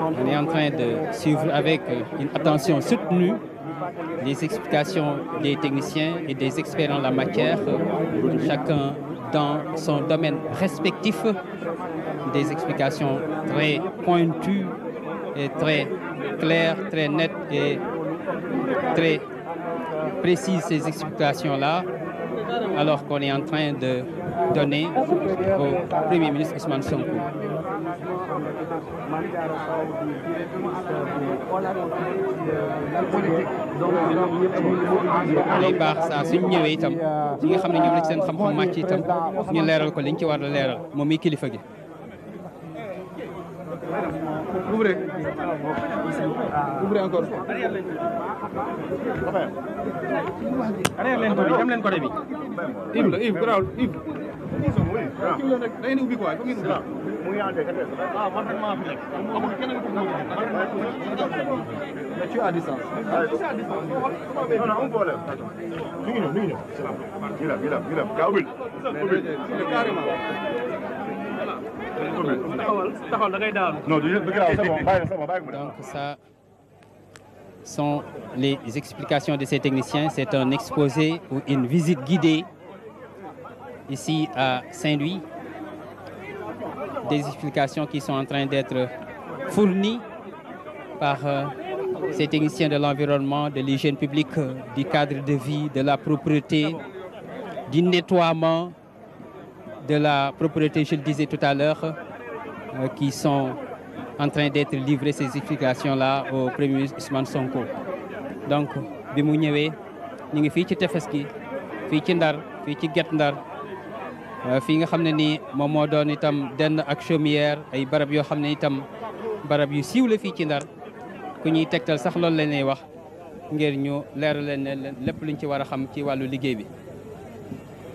On est en train de suivre avec euh, une attention soutenue les explications des techniciens et des experts en la matière, euh, chacun dans son domaine respectif, des explications très pointues et très claires, très nettes et très précises ces explications-là, alors qu'on est en train de donné au Premier ministre Ousmane Sonko. lay baax nga xam ne ñoom la ci seen xam-xam màcc itam ñu leeral ko liñ ci war a leeral moom mi kilifa gi. ça sont les explications de ces techniciens c'est un exposé ou une visite guidée ici à Saint-Louis. Des explications qui sont en train d'être fournies par euh, ces techniciens de l'environnement, de l'hygiène publique, euh, du cadre de vie, de la propreté, du nettoiement, de la propreté, je le disais tout à l'heure, euh, qui sont en train d'être livrées ces explications-là au Premier ministre Ousmane Sonko. Donc, bi Euh, fii nga xam ne nii moom moo doon itam denn ak chaumière ay barab yoo xam ne itam barab yu siiw la fii ci ndar ku ñuy tegtal sax loolu la ñuy wax ngir ñu leer leen ne lépp luñ ci war a xam ci wàllu liggéey bi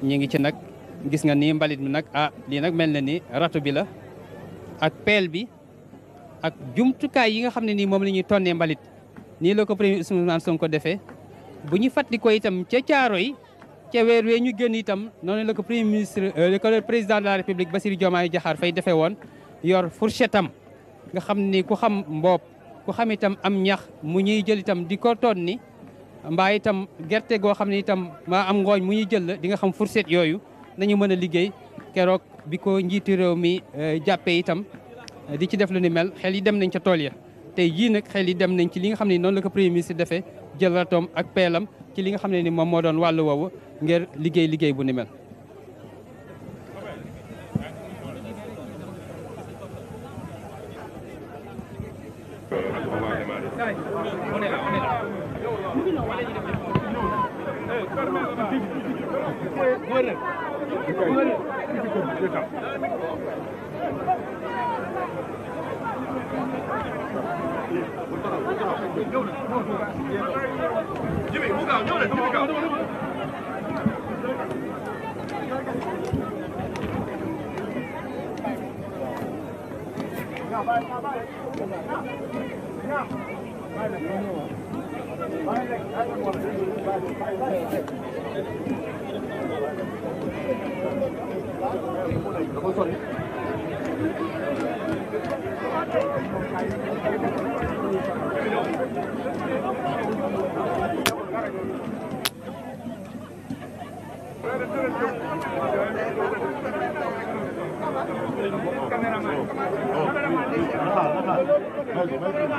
ñu ngi ci nag gis nga ni mbalit mi nag ah lii nag mel na ni ratu bi la ak peel bi ak jumtukaay yi nga xam ne nii moom la ñuy tonnee mbalit nii la ko premier Ousmane ko defee bu ñu fàttali ko itam ca caaro yi ca weer wee ñu génn itam noonu la ko premier ministre euh, li président de la république Bassirou Diomaye Diakhar Faye defee woon yor fourchette am nga xam ni ku xam mboob ku xam itam am ñax mu ñuy jël itam di ko toon ni mbaa yitam gerte goo xam ne itam maa am ngooñ mu ñuy jël la di nga xam fourchette yooyu nañu mën a liggéey keroog bi ko njiitu réew mi euh, jàppee itam euh, di ci def lu ni mel xel yi dem nañ ca tool ya tey jii nag xel yi dem nañ ci li nga xam ne noonu la ko premier ministre defee jël ratoom ak peelam ci li xam ne ni moom moo doon wàllu woowu ngir liggéey liggéey bu ni Gracias.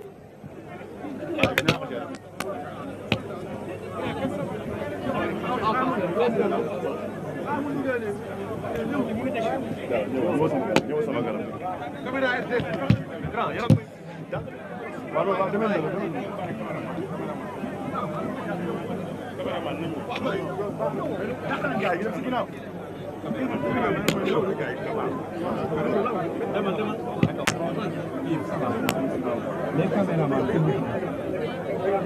Les caméramans.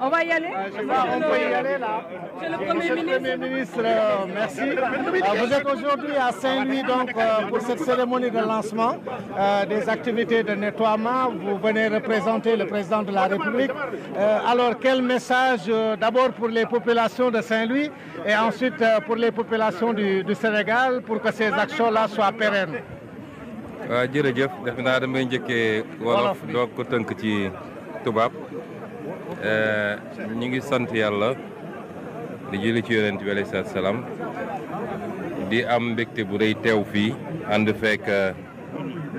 On va y aller On peut y aller là. Monsieur le Premier ministre. Euh, merci. Euh, vous êtes aujourd'hui à Saint-Louis donc euh, pour cette cérémonie de lancement des activités de nettoiement. Vous venez représenter le président de la République. alors quel message d'abord pour les populations de Saint-Louis et ensuite pour les populations du, Sénégal pour que ces actions-là soient pérennes euh, def de wolof Euh, ñu ngi sant yàlla di julli ci yonent bi alayhi salaatu di am mbégte bu rëy teew fii ànd fekk euh,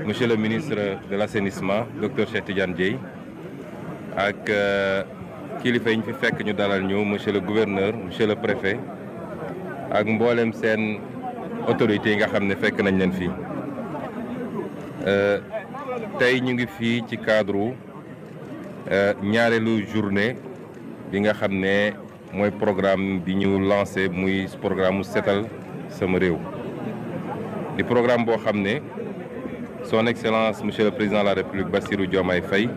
monsieur le ministre de l' assainissement docteur Cheikh Tidiane Dièye ak euh, kilifa yi ñu fi fekk ñu dalal ñu monsieur le gouverneur monsieur le préfet ak mboolem seen autorités yi nga xam ne fekk nañ leen fii tey ñu ngi fii ci cadre Euh, ñaareelu journée bi nga xam ne mooy programme bi ñu lancé muy programme setal sama réew di programme boo xam ne son excellence monsieur le président de la république Bassirou Diomaye Faye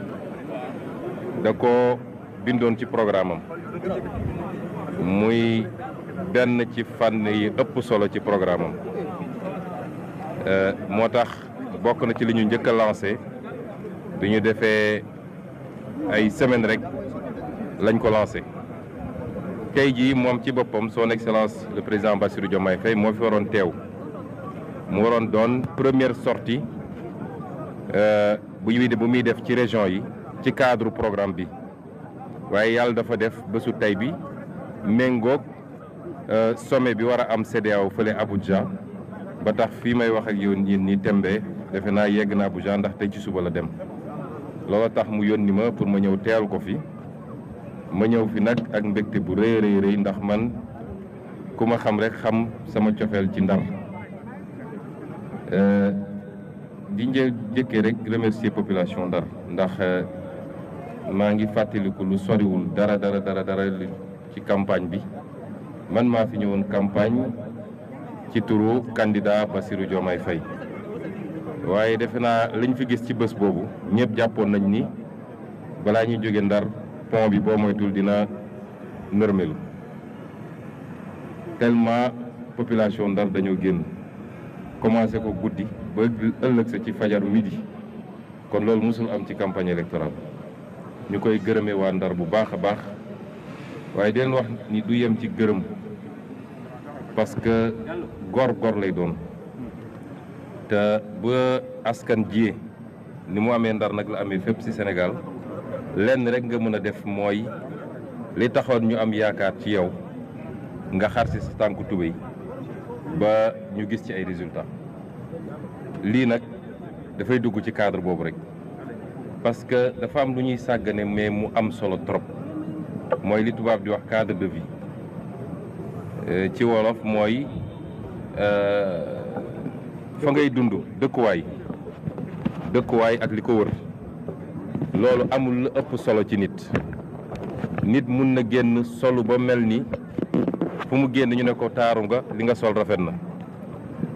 da ko bindoon ci programme am muy benn ci fànn yi ëpp solo ci programme am euh, moo tax bokk na ci li ñu njëkk a lancé bi ñu defee ay semaine rek lañ ko lancé tey ji mom ci boppam son excellence le président Bassirou Diomaye Faye mo fi waroon tew mu waroon doon première sortie euh, bu ñuy bu mi def ci région yi ci cadre programme bi waye yalla dafa def bésu tay bi euh sommet bi wara am CDAO fële Abuja ba tax fi may wax ak yow yéen tembe defe naa yegg na Abuja ndax tay ci suba la dem loola tax mu yónni ma pour ma ñëw teeru ko fi ma ñëw fi nag ak mbégte bu rëy rëy rëy ndax man ku ma xam rek xam sama cofeel ci euh, di njël rek remercier population ndar ndax euh, maa ngi fàttaliku lu soriwul dara dara dara dara ci campagne bi man ma fi ñëwoon campagne ci turu candidat Bassirou Diomaye Faye waaye defe naa liñ fi gis ci bés boobu ñëpp jàppoon nañ ni balaa ñuy jóge ndar pont bi boo moytul dina nërmelu tellement population ndar dañoo génn commencé ko guddi ba ëllëg sa ci fajar midi kon loolu musul am ci campagne électorale ñu koy gërëmee ndar bu baax a baax waaye den wax ni du yem ci gërëm parce que góor góor lay doon te ba askan ji ni mu amee ndar nag la amee fépp ci senegal lenn rek nga mën a def mooy li taxoon ñu am yaakaar ci yow nga xar ci sa tànku tubéy ba ñu gis ci ay résultat lii nag dafay dugg ci cadre boobu rek parce que dafa am lu ñuy sàggane mais mu am solo trop mooy li tubaab di wax cadre de vie euh, ci wolof mooy euh, fa ngay dund dëkkuwaay dëkkuwaay ak li ko wër loolu amul la ëpp solo ci nit nit mun na génn solu ba mel ni fu mu génn ñu ne ko taaru nga li nga sol rafet na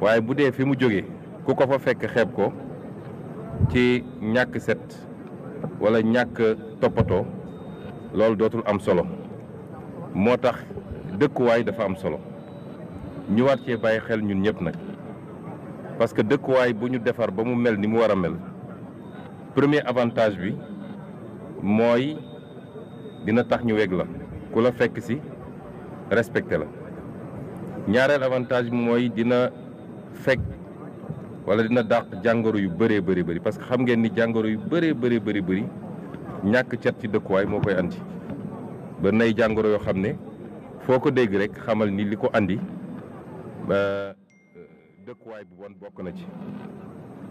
waaye bu dee fi mu jóge ku ko fa fekk xeeb ko ci ñàkk set walla ñàkk toppatoo loolu dootul am solo moo tax dëkkuwaay dafa am solo ñu war cee bàyyi xel ñun ñëpp nag parce que dëkkuwaay bu ñu defar ba mu mel ni mu wara mel premier avantage bi moy dina tax ñu weg la ku la fekk ci respecté la ñaareel avantage moy dina fekk walla dina dàq jàngoro yu bëree bëri bëri parce que xam ngeen ni jàngoro yu bëree bëri bëri bëri ñàkk cet ci dëkkuwaay moo koy andi ba nay jàngoro yoo xam ne dégg xamal ni liko andi ba dëkkuwaay bi wan bokk na ci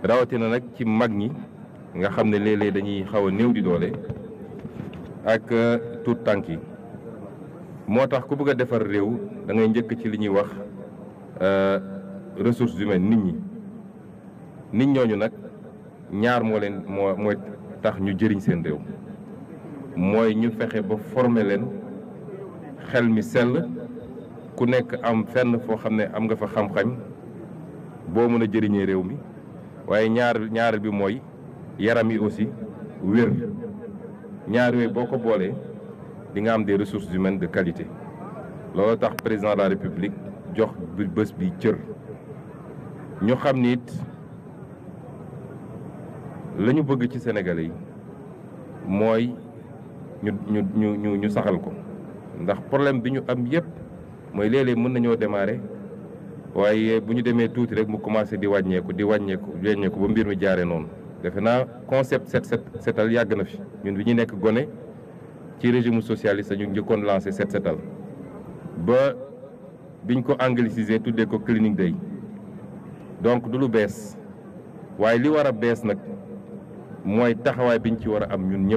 rawatina nag ci mag ñi nga xam ne léeg-léeg dañuy xaw a néew di doole ak euh, tuut tànk yi moo tax ku bëgg a defar réew da ngay njëkk ci li ñuy wax euh, ressources humaines nit ñi nit ñooñu nag ñaar moo leen moo mooy tax ñu jëriñ seen réew mooy ñu fexe ba former leen xel mi sell ku nekk am fenn foo xam ne am nga fa xam-xam boo mën a jëriñee réew mi waaye ñaar ñaar bi mooy yaram yi aussi wér ñaar yooyu boo ko boolee di nga am des ressources humaines de qualité loolu tax président la république jox bés bi cër ñu xam ni it la ñu bëgg ci Sénégalais yi mooy ñu ñu ñu ñu saxal ko ndax problème bi ñu am yépp mooy léeg mën nañoo démarrer waaye bu ñu tout rek mu commencé di wàññeeku di wàññeeku wàññeeku ba mbir concept set set setal yàgg na fi ñun bi ñu nekk ci régime socialiste ñu njëkkoon lancé set setal ba biñ ko anglicisé tuddee ko clinique. day donc du lu bees waaye li war a bees nag mooy taxawaay biñ ci war am ñun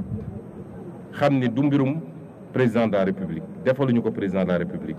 ñëpp président de la république defaluñu ko président de la république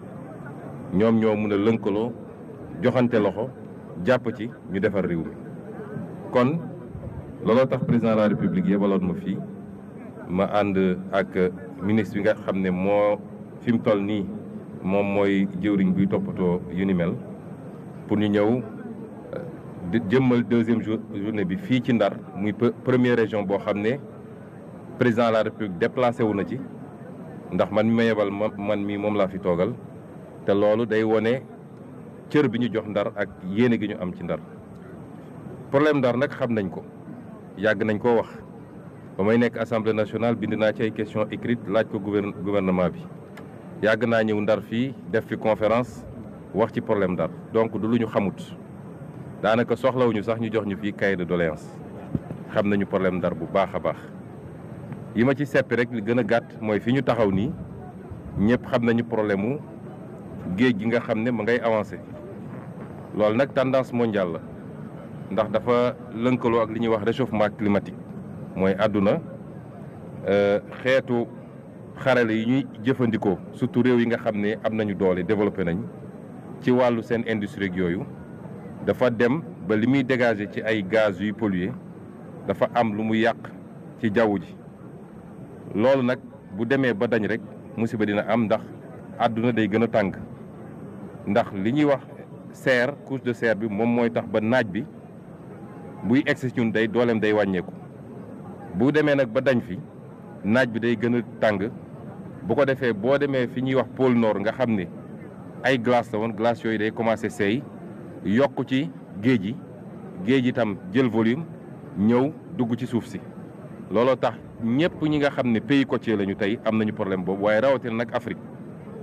ñoom ñoo mun a lënkaloo joxante loxo jàpp ci ñu defar réew kon président de la république yebaloon ma fii ma ànd ak ministre bi nga pour deuxième journée bi première région président de la république déplacé wu yebal man te loolu day wone cër bi ñu jox ndar ak yéene gi ñu am ci ndar problème ndar nag xam nañ ko yàgg nañ koo wax ba may nekk assemblée nationale bind naa ci ay question écrite laaj ko gouvernement bi yàgg naa ñëw ndar fii def fi conférence wax ci problème ndar donc du lu ñu xamut daanaka soxlawuñu sax ñu jox ñu fii cahier de doléance xam nañu problème ndar bu baax a baax yi ma ci seppi rek li gën a gàtt mooy fi ñu taxaw nii ñëpp xam nañu problème mu géej gi nga xam ne ma ngay avancé loolu nag tendance mondiale la ndax dafa lënkaloo ak li ñuy wax réchauffement climatique mooy àdduna euh, xeetu xarale yi ñuy jëfandikoo surtout réew yi nga xam ne am nañu doole développé nañ ci wàllu seen industrie ak yooyu dafa dem ba li muy dégager ci ay gaz yuy polluer dafa am lu mu yàq ci jaww ji loolu nag bu demee ba dañ rek musiba dina am ndax àdduna day gën a tàng ndax li ñuy wax serre couche de serre bi moom mooy tax ba naaj bi buy egsi ci ñun day doolem day wàññeeku bu demee nag ba dañ fi naaj bi day gën a tàng bu ko defee boo demee fi ñuy wax pôle nord nga xam ne ay glace la woon glace yooyu day commencé seey yokk ci géej gi géej itam jël volume ñëw dugg ci suuf si looloo tax ñëpp ñi nga xam ne pays côtier lañu tey am nañu problème boobu waaye rawatina nag Afrique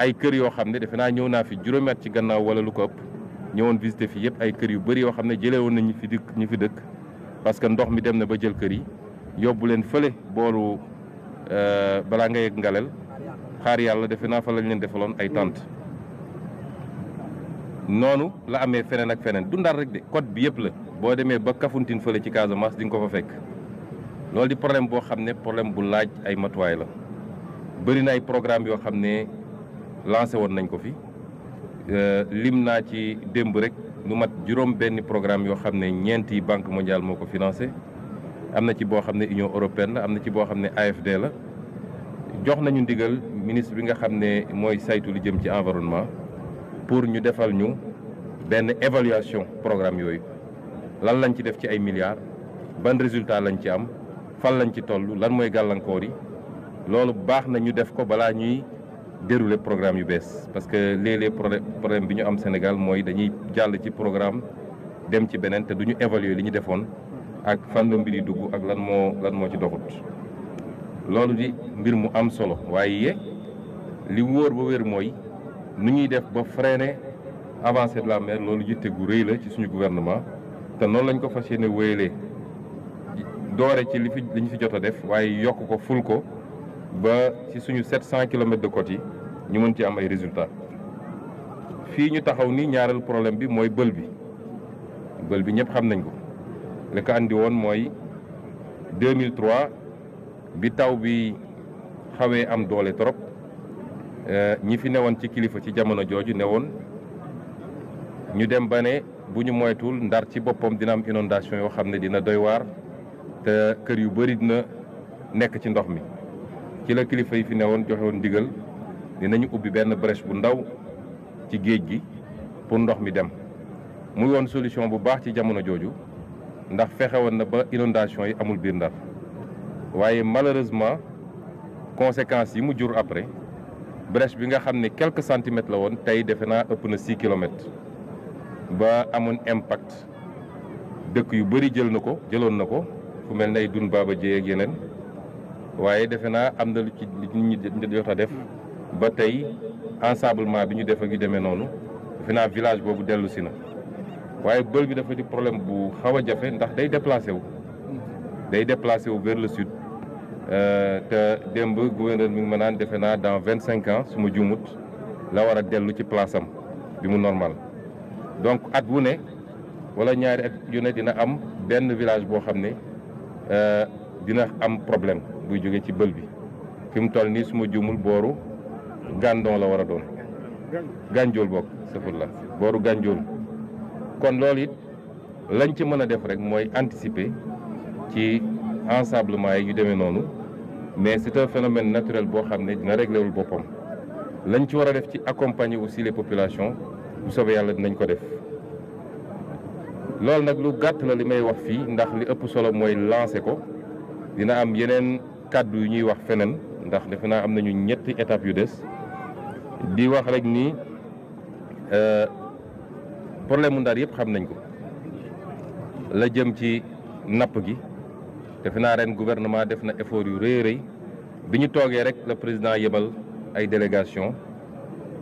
ay kër yoo xam ne defe naa ñëw naa fi juróomi at ci gannaaw wala lu ko ëpp ñëwoon visité fii yëpp ay kër yu bari yoo xam ne jëlee woon na ñu fi dëkk ñu fi dëkk parce que ndox mi dem na ba jël kër yi yóbbu leen fële booru euh, balaa nga yegg ngalel xaar yàlla defe naa fa lañ leen defaloon ay tente noonu la amee feneen ak feneen du Ndar rek de côte bi yëpp la boo demee ba Kafountine fële ci Casamance di nga ko fa fekk loolu di problème boo xam ne problème bu laaj ay matuwaay la yoo xam ne lancé woon nañ ko fi euh, lim naa ci démb rek lu mat juróom benn programme yoo xam ne ñeenti banque mondiale moo ko financé am na ci boo xam ne union européenne la am na ci boo xam ne AFD la jox nañu ndigal ministre bi nga xam ne mooy saytu lu jëm ci environnement pour ñu defal ñu benn évaluation programme yooyu lan lañ ci def ci ay milliards ban résultat lañ ci am fan lañ ci toll lan mooy gàllankoor yi loolu baax na ñu def ko balaa ñuy dérouler programme yu bees parce que les léeg problème bi ñu am Sénégal mooy dañuy jàll ci programme dem ci benen te duñu évaluer li ñu defoon ak fan la mbir yi dugg ak lan moo lan moo ci doxut loolu di mbir mu am solo waaye li wóor ba wér mooy nu ñuy def ba freiner avancée de la mer loolu yitte gu rëy la ci suñu gouvernement te noonu lañ ko fas yéene wéyalee doore ci li fi li ñu fi jot a def waaye yokk ko ful ko ba ci suñu 700 km de côte yi ñu mën ci am ay résultats fii ñu taxaw ni ñaaral problème bi mooy bël bi bël bi ñëpp xam nañ ko li ko andi woon mooy 2003 bi taw bi xawee am doole trop euh, ñi fi newoon ci kilifa ci jamono jooju newoon ñu dem ba ne bu ñu moytuwul ndar ci boppam dina am inondation yoo xam ne dina doy waar te kër yu bëri dina nekk ci ndox mi. ci la kilifa yi fi newoon joxe woon ndigal dinañu ubbi benn brèche bu ndaw ci géej gi pour ndox mi dem muy woon solution bu baax ci jamono jooju ndax fexe woon na ba inondation yi amul biir Ndar waaye malheureusement conséquences yi mu jur après brèche bi nga xam ne quelques centimètres la woon tey defe naa ëpp na six kilomètres ba amoon impact dëkk yu bëri jël na ko jëloon na ko fu mel ne ay dun baaba jéy ak yeneen waaye defe am na lu ci nit jot def ba tey ensemblement bi def village boobu dellu si na bël bi dafa problème bu xaw a ndax day déplacé wu day vers le sud euh, te démb gouverneur mi dans 25 ans suma jumut la war a ci place am normal donc at wu ne wala ñaari at yu ne dina am benn village boo xam ne euh, dina am problème buy jóge ci bël bi fi mu toll nii su ma juumul booru gàndon la war a doon gànjool bokk safurla booru gànjool kon loolu lañ ci mën a def rek mooy anticiper ci ensablement yi yu demee noonu mais c'est un phénomène naturel boo xam ne dina réglewul boppam lañ ci a def ci accompagner aussi les populations bu soobee yàlla dinañ ko def loolu nag lu gàtt la li wax fii ndax li ëpp solo mooy lancer ko dina am yeneen kàddu yu ñuy wax fenen ndax defe naa am nañu ñetti étape yu dess di wax rek ni euh problème Ndar yépp xam nañ ko la jëm ci napp gi defe naa ren gouvernement def na effort yu rëy rëy bi ñu toogee rek le président yebal ay délégation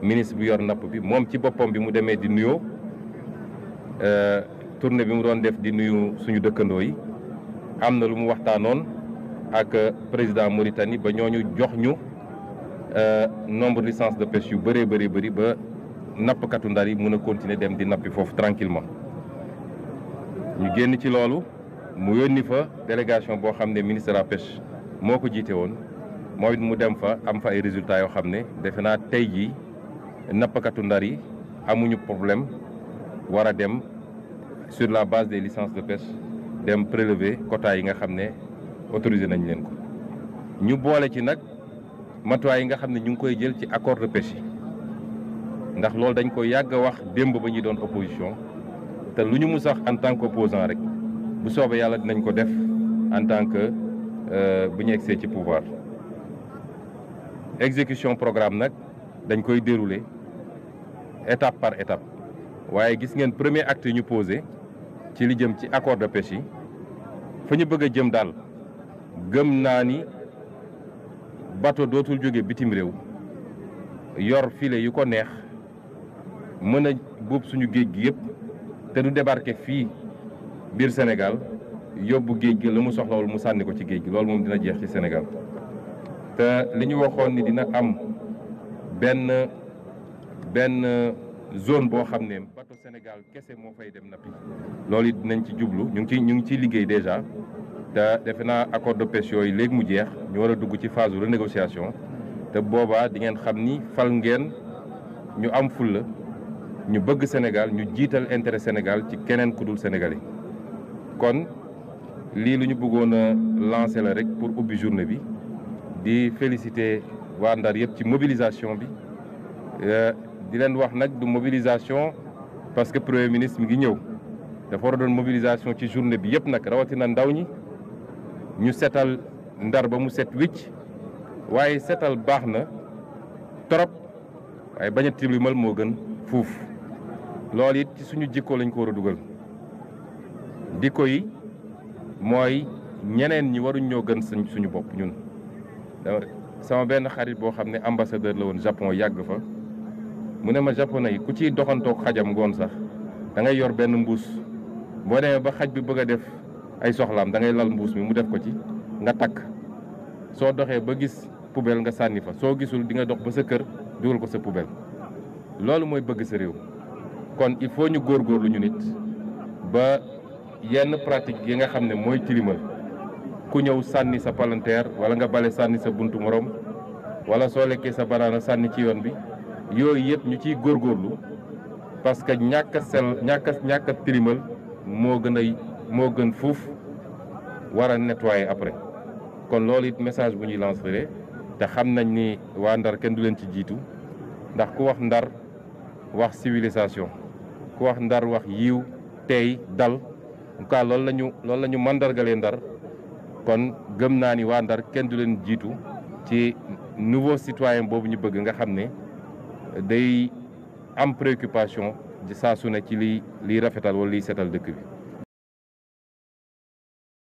ministre bi yor napp bi moom ci boppam bi mu demee di nuyoo euh, tournée bi mu doon def di nuyu suñu dëkkandoo yi am na lu mu waxtaanoon le président Mauritanie ba euh, nombre licences de pêche yu continuer à tranquillement ñu génn ci temps de faire délégation pour ministre de la pêche Nous que j'étais on, résultats de problème sur la base des licences de pêche prélever quota autorisé nañ leen ko ñu boole ci nag matuwaay yi nga xam ne ñu ngi koy jël ci accord de pêche ndax loolu dañ ko yàgg a wax démb ba ñuy doon opposition te lu ñu mu sax en tant qu'opposant rek bu soobee yàlla dinañ ko def en tant que euh, bu ñu egsee ci pouvoir execution programme nag dañ koy dérouler étape par étape waaye gis ngeen premier acte yi ñu posé ci li jëm ci accord de pêche yi fa ñu bëgg a jëm daal gëm naa ni bato dootul jóge bitim réew yor filet yu ko neex mën a buub suñu géej gi yëpp te du débarquer fii biir Sénégal yóbbu géej gi la mu soxlawul mu sànni ko ci géej gi loolu moom dina jeex ci Sénégal te li ñu waxoon ni dina am benn benn zone boo xam ne bato Sénégal kese moo fay dem nappi loolu it dinañ ci jublu ñu ngi ci ñu ngi ciy liggéey déjà te defe naa accord de pêche yooyu léegi mu jeex ñu war a dugg ci phase de renégociation te boobaa di ngeen xam ni fal ngeen ñu am fulla ñu bëgg Sénégal ñu jiital intérêt Sénégal ci keneen ku dul sénégalais kon lii lu ñu bëggoon a lancer la rek pour ubbi journée bi di féliciter waa Ndar yëpp ci mobilisation bi euh, di leen wax nag du mobilisation parce que premier ministre mi ngi ñëw dafa war doon mobilisation ci journée bi yëpp nag rawatina ndaw ñi. ñu setal ndar ba mu set wicc waaye setal baax na trop waaye bañ a tilimal moo gën fuuf lool it ci suñu jikko lañ ko war a dugal di koy mooy ñeneen ñi waruñ ñoo gën suñu bopp ñun sama benn xarit boo xam ne ambassadeur la woon Japon yàgg fa mu ne ma japonais yi ku ciy doxantoog xajam ngoon sax dangay yor benn mbuus boo demee ba xaj bi bëgg a def ay soxlaam da ngay lal mbuus mi mu def ko ci nga takk ba gis poubelle nga fa soo gisul di nga dox ba sa kër dugal ko sa poubelle loolu mooy bëgg sa réew kon il faut ñu góorgóorlu ñu nit ba yenn pratique yi nga xam ne mooy tilimal ku ñëw sànni sa palanteer wala nga bale sànni sa buntu morom wala soo lekkee sa banaana sànni ci yoon bi ñu parce que sel ñàkk a ñàkk a tilimal moo gën fuuf war a nettoyer après kon loolu it message bu ñuy lancer te xam nañ ni waa Ndar kenn du leen ci jiitu ndax ku wax Ndar wax civilisation ku wax Ndar wax yiw tey dal en tout cas loolu la ñu loolu la ñu mandargalee Ndar kon gëm naa ni waa Ndar kenn du leen jiitu ci nouveau citoyen boobu ñu bëgg nga xam ne day am préoccupation saa su ne ci liy liy rafetal wala liy setal dëkk bi